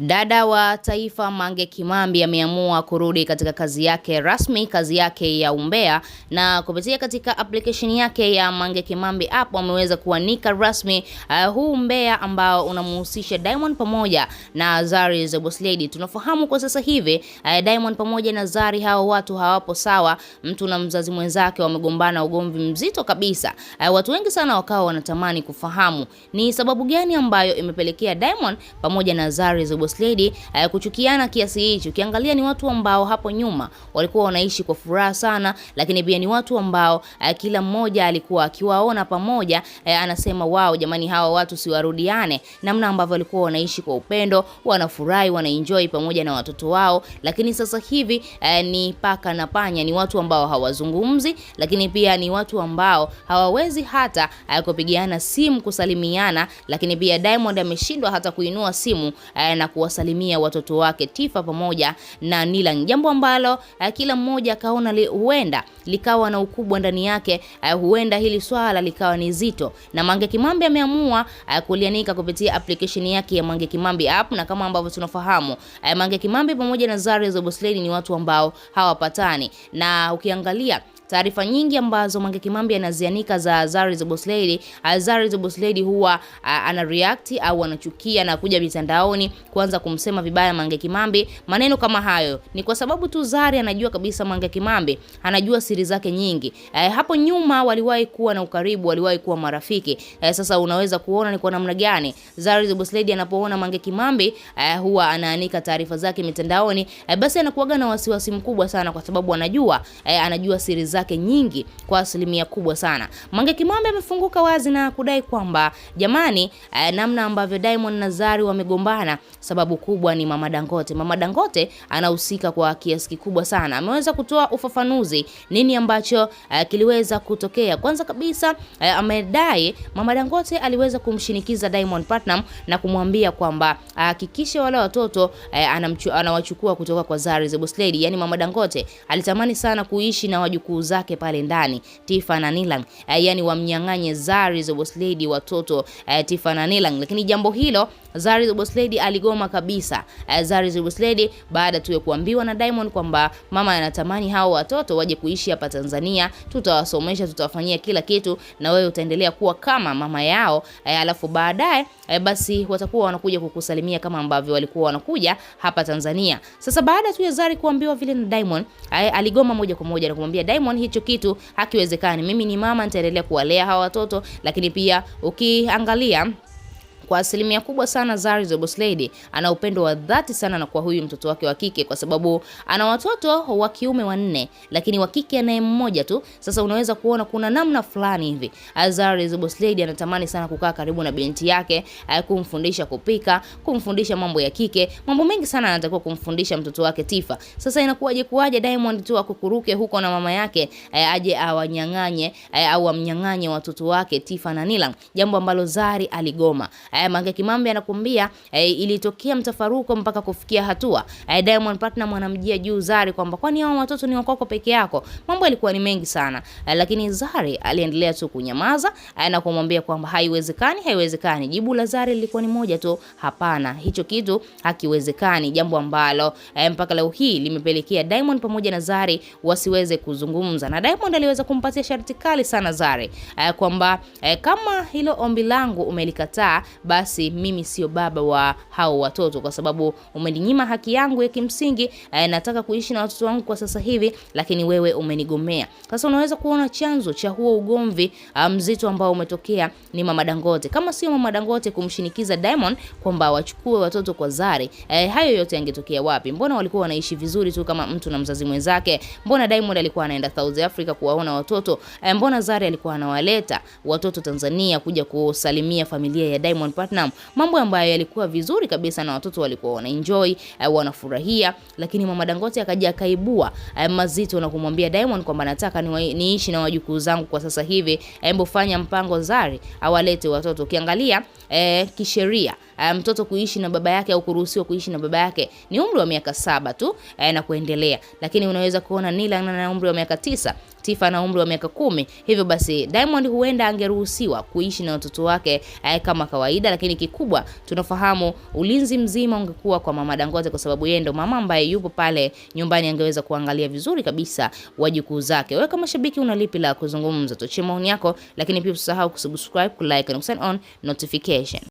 Dada wa taifa Mange Kimambi ameamua kurudi katika kazi yake rasmi, kazi yake ya umbea, na kupitia katika application yake ya Mange Kimambi app ameweza kuanika rasmi uh, huu umbea ambao unamhusisha Diamond pamoja na Zari the Boss Lady. Tunafahamu kwa sasa hivi uh, Diamond pamoja na Zari hao watu hawapo sawa, mtu na mzazi mwenzake wamegombana ugomvi mzito kabisa. Uh, watu wengi sana wakawa wanatamani kufahamu ni sababu gani ambayo imepelekea Diamond pamoja na Zari the Boss Boss Lady eh, hayakuchukiana kiasi hicho. Ukiangalia ni watu ambao hapo nyuma walikuwa wanaishi kwa furaha sana, lakini pia ni watu ambao eh, kila mmoja alikuwa akiwaona pamoja, eh, anasema wao, jamani, hawa watu siwarudiane, namna ambavyo walikuwa wanaishi kwa upendo, wanafurahi, wanaenjoy pamoja na watoto wao. Lakini sasa hivi ni paka na panya, ni watu ambao hawazungumzi, lakini pia ni watu ambao hawawezi hata kupigiana simu, kusalimiana, lakini pia Diamond ameshindwa hata kuinua simu na ku kuwasalimia watoto wake Tifa pamoja na Nilan, jambo ambalo eh, kila mmoja akaona li, huenda likawa na ukubwa ndani yake, eh, huenda hili swala likawa ni zito, na Mange Kimambi ameamua eh, kulianika kupitia application yake ya Mange Kimambi app, na kama ambavyo tunafahamu Mange Kimambi pamoja na Zari za Zobosleni ni watu ambao hawapatani, na ukiangalia taarifa nyingi ambazo Mange Kimambi anazianika za Zari za Bosledi, Zari za Bosledi huwa ana react au anachukia na kuja mitandaoni kwa kuanza kumsema vibaya Mange Kimambi, maneno kama hayo ni kwa sababu tu Zari anajua kabisa Mange Kimambi anajua siri zake nyingi. E, hapo nyuma waliwahi kuwa na ukaribu, waliwahi kuwa marafiki. E, sasa unaweza kuona ni kwa namna gani Zari the Boss Lady anapoona Mange Kimambi e, huwa anaanika taarifa zake mitandaoni e, basi anakuwaga na wasiwasi mkubwa sana kwa sababu anajua e, anajua siri zake nyingi kwa asilimia kubwa sana. Mange Kimambi amefunguka wazi na kudai kwamba jamani, e, namna ambavyo Diamond na Zari wamegombana sababu kubwa ni Mama Dangote. Mama Dangote anahusika kwa kiasi kikubwa sana, ameweza kutoa ufafanuzi nini ambacho uh, kiliweza kutokea. Kwanza kabisa uh, amedai Mama Dangote aliweza kumshinikiza Diamond Platinum na kumwambia kwamba hakikishe uh, wale watoto uh, anawachukua kutoka kwa Zari the Boss Lady. Yaani Mama Dangote alitamani sana kuishi na wajukuu zake pale ndani Tifa na Nilang, uh, yaani wamnyang'anye Zari the Boss Lady watoto uh, Tifa na Nilang, lakini jambo hilo Zari the Boss Lady aligoma kabisa. Eh, Zari the Boss Lady baada tu ya kuambiwa na Diamond kwamba mama anatamani hao watoto waje kuishi hapa Tanzania, tutawasomesha, tutawafanyia kila kitu na wewe utaendelea kuwa kama mama yao, eh, alafu baadaye eh, basi watakuwa wanakuja kukusalimia kama ambavyo walikuwa wanakuja hapa Tanzania. Sasa baada tu ya Zari kuambiwa vile na Diamond, aligoma moja kwa moja na kumwambia Diamond, hicho kitu hakiwezekani. Mimi ni mama, nitaendelea kuwalea hawa watoto, lakini pia ukiangalia kwa asilimia kubwa sana Zari the Boss Lady ana upendo wa dhati sana na kwa huyu mtoto wake wa kike, kwa sababu ana watoto wa kiume wanne, lakini wa kike anaye mmoja tu. Sasa unaweza kuona kuna namna fulani hivi Zari the Boss Lady anatamani sana kukaa karibu na binti yake, eh, kumfundisha kupika, kumfundisha mambo ya kike, mambo mengi sana anatakiwa kumfundisha mtoto wake Tifa. Sasa inakuwaje kuwaje Diamond tu akukuruke huko na mama yake eh, aje awanyang'anye eh, au amnyang'anye watoto wake Tifa na Nilam, jambo ambalo Zari aligoma eh, Mange Kimambi anakuambia eh, ilitokea mtafaruko mpaka kufikia hatua eh, Diamond Platnumz anamjia juu Zari kwamba kwani hao watoto ni wako peke yako. Mambo yalikuwa ni mengi sana eh, lakini Zari aliendelea tu kunyamaza eh, na kumwambia kwamba haiwezekani, haiwezekani. Jibu la Zari lilikuwa ni moja tu, hapana, hicho kitu hakiwezekani, jambo ambalo eh, mpaka leo hii limepelekea Diamond pamoja na Zari wasiweze kuzungumza, na Diamond aliweza kumpatia sharti kali sana Zari eh, kwamba eh, kama hilo ombi langu umelikataa basi mimi sio baba wa hao watoto, kwa sababu umeninyima haki yangu ya kimsingi. E, nataka kuishi na watoto wangu kwa sasa hivi, lakini wewe umenigomea. Sasa unaweza kuona chanzo cha huo ugomvi ah, mzito um, ambao umetokea ni Mama Dangote. Kama sio Mama Dangote kumshinikiza Diamond kwamba wachukue watoto kwa Zari, E, hayo yote yangetokea wapi? Mbona walikuwa wanaishi vizuri tu kama mtu na mzazi mwenzake? Mbona Diamond alikuwa anaenda South Africa kuwaona watoto? E, mbona Zari alikuwa anawaleta watoto Tanzania kuja kusalimia familia ya Diamond Platinum, mambo ambayo yalikuwa vizuri kabisa na watoto walikuwa wanaenjoy, eh, wanafurahia, lakini mama Dangote akaja akaibua eh, mazito na kumwambia Diamond kwamba nataka niishi na wajukuu zangu kwa sasa hivi, hebu fanya mpango Zari awalete watoto. Ukiangalia eh, kisheria uh, mtoto kuishi na baba yake au kuruhusiwa kuishi na baba yake ni umri wa miaka saba tu uh, na kuendelea, lakini unaweza kuona Nila na umri wa miaka tisa Tifa na umri wa miaka kumi. Hivyo basi Diamond huenda angeruhusiwa kuishi na watoto wake eh, kama kawaida, lakini kikubwa tunafahamu ulinzi mzima ungekuwa kwa mama Dangote, kwa sababu yeye ndo mama ambaye yupo pale nyumbani, angeweza kuangalia vizuri kabisa wajukuu zake. Wewe kama shabiki una lipi la kuzungumza? Tuachie maoni yako, lakini pia usisahau kusubscribe, kulike na kusign on notification.